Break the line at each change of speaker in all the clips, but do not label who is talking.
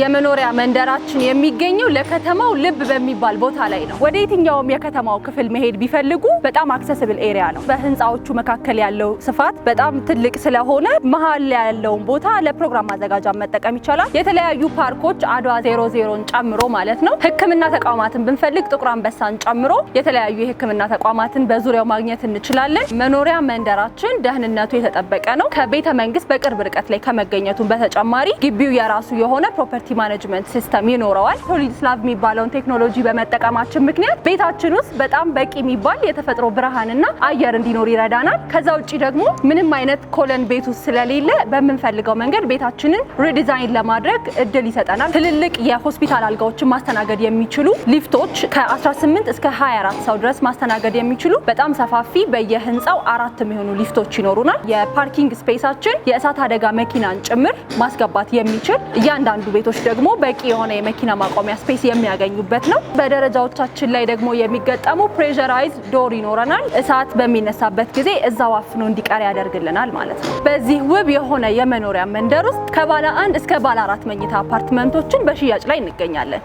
የመኖሪያ መንደራችን የሚገኘው ለከተማው ልብ በሚባል ቦታ ላይ ነው። ወደ የትኛውም የከተማው ክፍል መሄድ ቢፈልጉ በጣም አክሰስብል ኤሪያ ነው። በህንፃዎቹ መካከል ያለው ስፋት በጣም ትልቅ ስለሆነ መሀል ያለውን ቦታ ለፕሮግራም ማዘጋጃ መጠቀም ይቻላል። የተለያዩ ፓርኮች አድዋ ዜሮ ዜሮን ጨምሮ ማለት ነው። ህክምና ተቋማትን ብንፈልግ ጥቁር አንበሳን ጨምሮ የተለያዩ የህክምና ተቋማትን በዙሪያው ማግኘት እንችላለን። መኖሪያ መንደራችን ደህንነቱ የተጠበቀ ነው። ከቤተ መንግስት በቅርብ ርቀት ላይ ከመገኘቱን በተጨማሪ ግቢው የራሱ የሆነ ፕሮፐርቲ ፕሮፐርቲ ማኔጅመንት ሲስተም ይኖረዋል። ሶሊድ ስላቭ የሚባለውን ቴክኖሎጂ በመጠቀማችን ምክንያት ቤታችን ውስጥ በጣም በቂ የሚባል የተፈጥሮ ብርሃንና አየር እንዲኖር ይረዳናል። ከዛ ውጭ ደግሞ ምንም አይነት ኮለን ቤት ውስጥ ስለሌለ በምንፈልገው መንገድ ቤታችንን ሪዲዛይን ለማድረግ እድል ይሰጠናል። ትልልቅ የሆስፒታል አልጋዎችን ማስተናገድ የሚችሉ ሊፍቶች ከ18 እስከ 24 ሰው ድረስ ማስተናገድ የሚችሉ በጣም ሰፋፊ በየህንፃው አራት የሚሆኑ ሊፍቶች ይኖሩናል። የፓርኪንግ ስፔሳችን የእሳት አደጋ መኪናን ጭምር ማስገባት የሚችል እያንዳንዱ ቤቶች ሱቆች ደግሞ በቂ የሆነ የመኪና ማቆሚያ ስፔስ የሚያገኙበት ነው። በደረጃዎቻችን ላይ ደግሞ የሚገጠሙ ፕሬሸራይዝ ዶር ይኖረናል። እሳት በሚነሳበት ጊዜ እዛው አፍኖ እንዲቀር ያደርግልናል ማለት ነው። በዚህ ውብ የሆነ የመኖሪያ መንደር ውስጥ ከባለ አንድ እስከ ባለ አራት መኝታ አፓርትመንቶችን በሽያጭ ላይ እንገኛለን።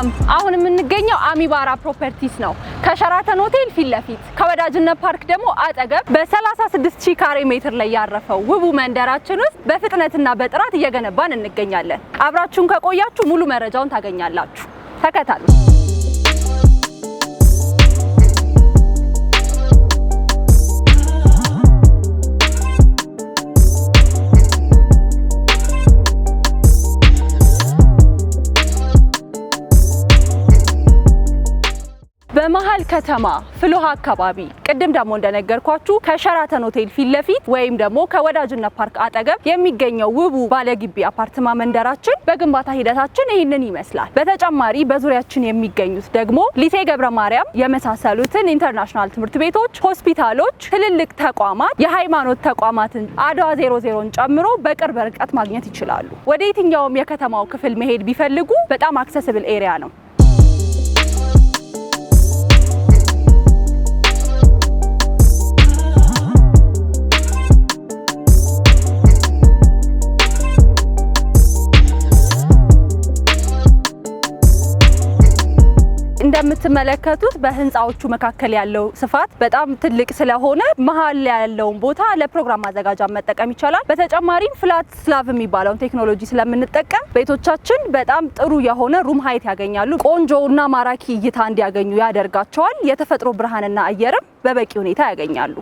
ሰላም፣ አሁን የምንገኘው አሚባራ ፕሮፐርቲስ ነው። ከሸራተን ሆቴል ፊት ለፊት ከወዳጅነት ፓርክ ደግሞ አጠገብ በ36 ሺህ ካሬ ሜትር ላይ ያረፈው ውቡ መንደራችን ውስጥ በፍጥነትና በጥራት እየገነባን እንገኛለን። አብራችሁን ከቆያችሁ ሙሉ መረጃውን ታገኛላችሁ። ተከታተሉ። ከተማ ፍሎሃ አካባቢ ቅድም ደግሞ እንደነገርኳችሁ ከሸራተን ሆቴል ፊት ለፊት ወይም ደግሞ ከወዳጅነት ፓርክ አጠገብ የሚገኘው ውቡ ባለግቢ አፓርትማ መንደራችን በግንባታ ሂደታችን ይህንን ይመስላል። በተጨማሪ በዙሪያችን የሚገኙት ደግሞ ሊሴ ገብረ ማርያም የመሳሰሉትን ኢንተርናሽናል ትምህርት ቤቶች፣ ሆስፒታሎች፣ ትልልቅ ተቋማት፣ የሃይማኖት ተቋማትን አድዋ ዜሮ ዜሮን ጨምሮ በቅርብ ርቀት ማግኘት ይችላሉ። ወደ የትኛውም የከተማው ክፍል መሄድ ቢፈልጉ በጣም አክሰስብል ኤሪያ ነው። ስትመለከቱት በህንፃዎቹ መካከል ያለው ስፋት በጣም ትልቅ ስለሆነ መሀል ያለውን ቦታ ለፕሮግራም ማዘጋጃ መጠቀም ይቻላል። በተጨማሪም ፍላት ስላቭ የሚባለውን ቴክኖሎጂ ስለምንጠቀም ቤቶቻችን በጣም ጥሩ የሆነ ሩም ሀይት ያገኛሉ። ቆንጆና ማራኪ እይታ እንዲያገኙ ያደርጋቸዋል። የተፈጥሮ ብርሃንና አየርም በበቂ ሁኔታ ያገኛሉ።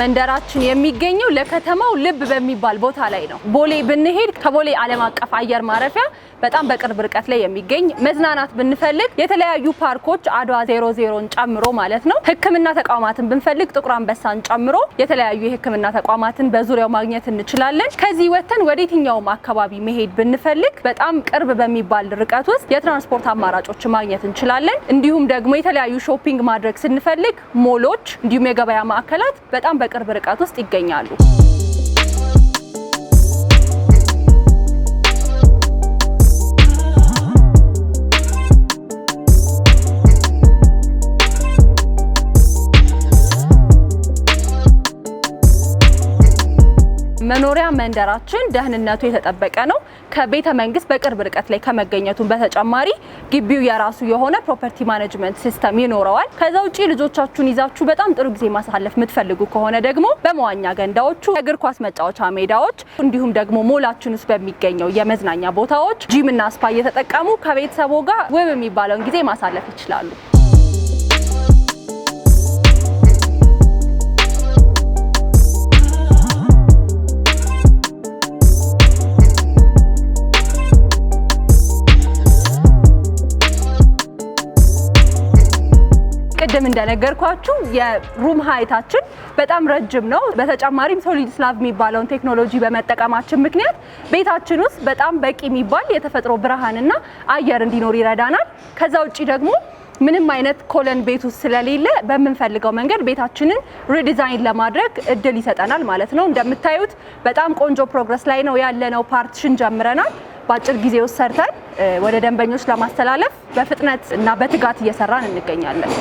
መንደራችን የሚገኘው ለከተማው ልብ በሚባል ቦታ ላይ ነው። ቦሌ ብንሄድ ከቦሌ ዓለም አቀፍ አየር ማረፊያ በጣም በቅርብ ርቀት ላይ የሚገኝ መዝናናት ብንፈልግ የተለያዩ ፓርኮች አድዋ ዜሮ ዜሮን ጨምሮ ማለት ነው። ሕክምና ተቋማትን ብንፈልግ ጥቁር አንበሳን ጨምሮ የተለያዩ የሕክምና ተቋማትን በዙሪያው ማግኘት እንችላለን። ከዚህ ወተን ወደ የትኛውም አካባቢ መሄድ ብንፈልግ በጣም ቅርብ በሚባል ርቀት ውስጥ የትራንስፖርት አማራጮች ማግኘት እንችላለን። እንዲሁም ደግሞ የተለያዩ ሾፒንግ ማድረግ ስንፈልግ ሞሎች፣ እንዲሁም የገበያ ማዕከላት በጣም በቅርብ ርቀት ውስጥ ይገኛሉ። መኖሪያ መንደራችን ደህንነቱ የተጠበቀ ነው። ከቤተ መንግስት በቅርብ ርቀት ላይ ከመገኘቱ በተጨማሪ ግቢው የራሱ የሆነ ፕሮፐርቲ ማኔጅመንት ሲስተም ይኖረዋል። ከዛ ውጭ ልጆቻችሁን ይዛችሁ በጣም ጥሩ ጊዜ ማሳለፍ የምትፈልጉ ከሆነ ደግሞ በመዋኛ ገንዳዎቹ፣ እግር ኳስ መጫወቻ ሜዳዎች እንዲሁም ደግሞ ሞላችን ውስጥ በሚገኘው የመዝናኛ ቦታዎች ጂምና ስፓ እየተጠቀሙ ከቤተሰቦ ጋር ውብ የሚባለውን ጊዜ ማሳለፍ ይችላሉ። እንደነገርኳችሁ የሩም ሀይታችን በጣም ረጅም ነው። በተጨማሪም ሶሊድ ስላቭ የሚባለውን ቴክኖሎጂ በመጠቀማችን ምክንያት ቤታችን ውስጥ በጣም በቂ የሚባል የተፈጥሮ ብርሃንና አየር እንዲኖር ይረዳናል። ከዛ ውጭ ደግሞ ምንም አይነት ኮለን ቤት ውስጥ ስለሌለ በምንፈልገው መንገድ ቤታችንን ሪዲዛይን ለማድረግ እድል ይሰጠናል ማለት ነው። እንደምታዩት በጣም ቆንጆ ፕሮግረስ ላይ ነው ያለነው። ፓርቲሽን ጀምረናል። በአጭር ጊዜ ውስጥ ሰርተን ወደ ደንበኞች ለማስተላለፍ በፍጥነት እና በትጋት እየሰራን እንገኛለን።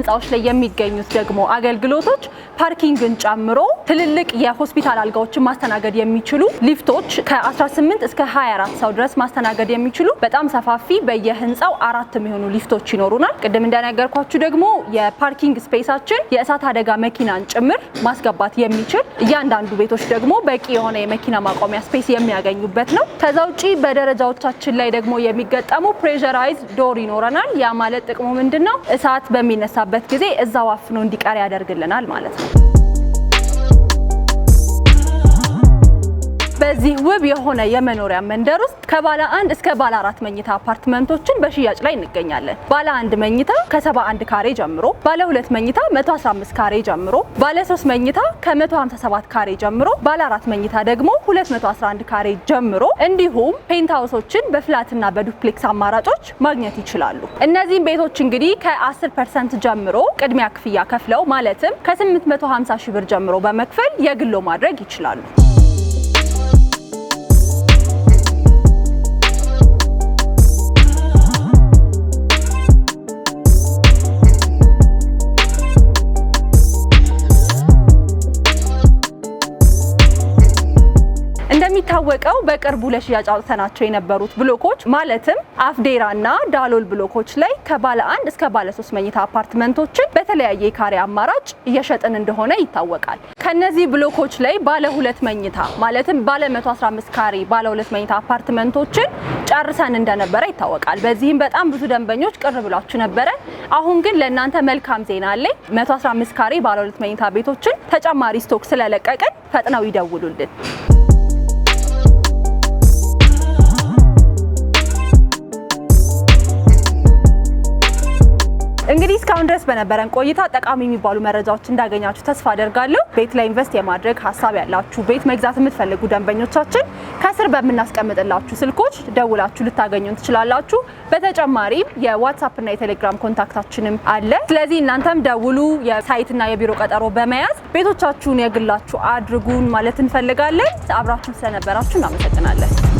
ህንፃዎች ላይ የሚገኙት ደግሞ አገልግሎቶች ፓርኪንግን ጨምሮ ትልልቅ የሆስፒታል አልጋዎችን ማስተናገድ የሚችሉ ሊፍቶች ከ18 እስከ 24 ሰው ድረስ ማስተናገድ የሚችሉ በጣም ሰፋፊ በየህንፃው አራት የሚሆኑ ሊፍቶች ይኖሩናል። ቅድም እንደነገርኳችሁ ደግሞ የፓርኪንግ ስፔሳችን የእሳት አደጋ መኪናን ጭምር ማስገባት የሚችል እያንዳንዱ ቤቶች ደግሞ በቂ የሆነ የመኪና ማቆሚያ ስፔስ የሚያገኙበት ነው። ከዛ ውጪ በደረጃዎቻችን ላይ ደግሞ የሚገጠሙ ፕሬራይዝ ዶር ይኖረናል። ያ ማለት ጥቅሙ ምንድን ነው? እሳት በሚነሳበት ጊዜ እዛው አፍኖ እንዲቀር ያደርግልናል ማለት ነው። በዚህ ውብ የሆነ የመኖሪያ መንደር ውስጥ ከባለ አንድ እስከ ባለ አራት መኝታ አፓርትመንቶችን በሽያጭ ላይ እንገኛለን። ባለ አንድ መኝታ ከ71 ካሬ ጀምሮ፣ ባለ ሁለት መኝታ 115 ካሬ ጀምሮ፣ ባለ ሶስት መኝታ ከ157 ካሬ ጀምሮ፣ ባለ አራት መኝታ ደግሞ 211 ካሬ ጀምሮ እንዲሁም ፔንትሃውሶችን ሃውሶችን በፍላትና በዱፕሌክስ አማራጮች ማግኘት ይችላሉ። እነዚህም ቤቶች እንግዲህ ከ10 ፐርሰንት ጀምሮ ቅድሚያ ክፍያ ከፍለው ማለትም ከ850 ሺህ ብር ጀምሮ በመክፈል የግሎ ማድረግ ይችላሉ። እንደሚታወቀው በቅርቡ ለሽያጭ አውጥተናቸው የነበሩት ብሎኮች ማለትም አፍዴራ እና ዳሎል ብሎኮች ላይ ከባለ አንድ እስከ ባለ ሶስት መኝታ አፓርትመንቶችን በተለያየ የካሬ አማራጭ እየሸጥን እንደሆነ ይታወቃል። ከነዚህ ብሎኮች ላይ ባለ ሁለት መኝታ ማለትም ባለ 115 ካሬ ባለ ሁለት መኝታ አፓርትመንቶችን ጨርሰን እንደነበረ ይታወቃል። በዚህም በጣም ብዙ ደንበኞች ቅር ብላችሁ ነበረ። አሁን ግን ለእናንተ መልካም ዜና አለኝ። 115 ካሬ ባለ ሁለት መኝታ ቤቶችን ተጨማሪ ስቶክ ስለለቀቅን ፈጥነው ይደውሉልን። እንግዲህ እስካሁን ድረስ በነበረን ቆይታ ጠቃሚ የሚባሉ መረጃዎች እንዳገኛችሁ ተስፋ አደርጋለሁ። ቤት ላይ ኢንቨስት የማድረግ ሀሳብ ያላችሁ ቤት መግዛት የምትፈልጉ ደንበኞቻችን ከስር በምናስቀምጥላችሁ ስልኮች ደውላችሁ ልታገኙን ትችላላችሁ። በተጨማሪም እና የቴሌግራም ኮንታክታችንም አለ። ስለዚህ እናንተም ደውሉ። የሳይትና የቢሮ ቀጠሮ በመያዝ ቤቶቻችሁን የግላችሁ አድርጉን ማለት እንፈልጋለን። አብራችሁ ስለነበራችሁ እናመሰግናለን።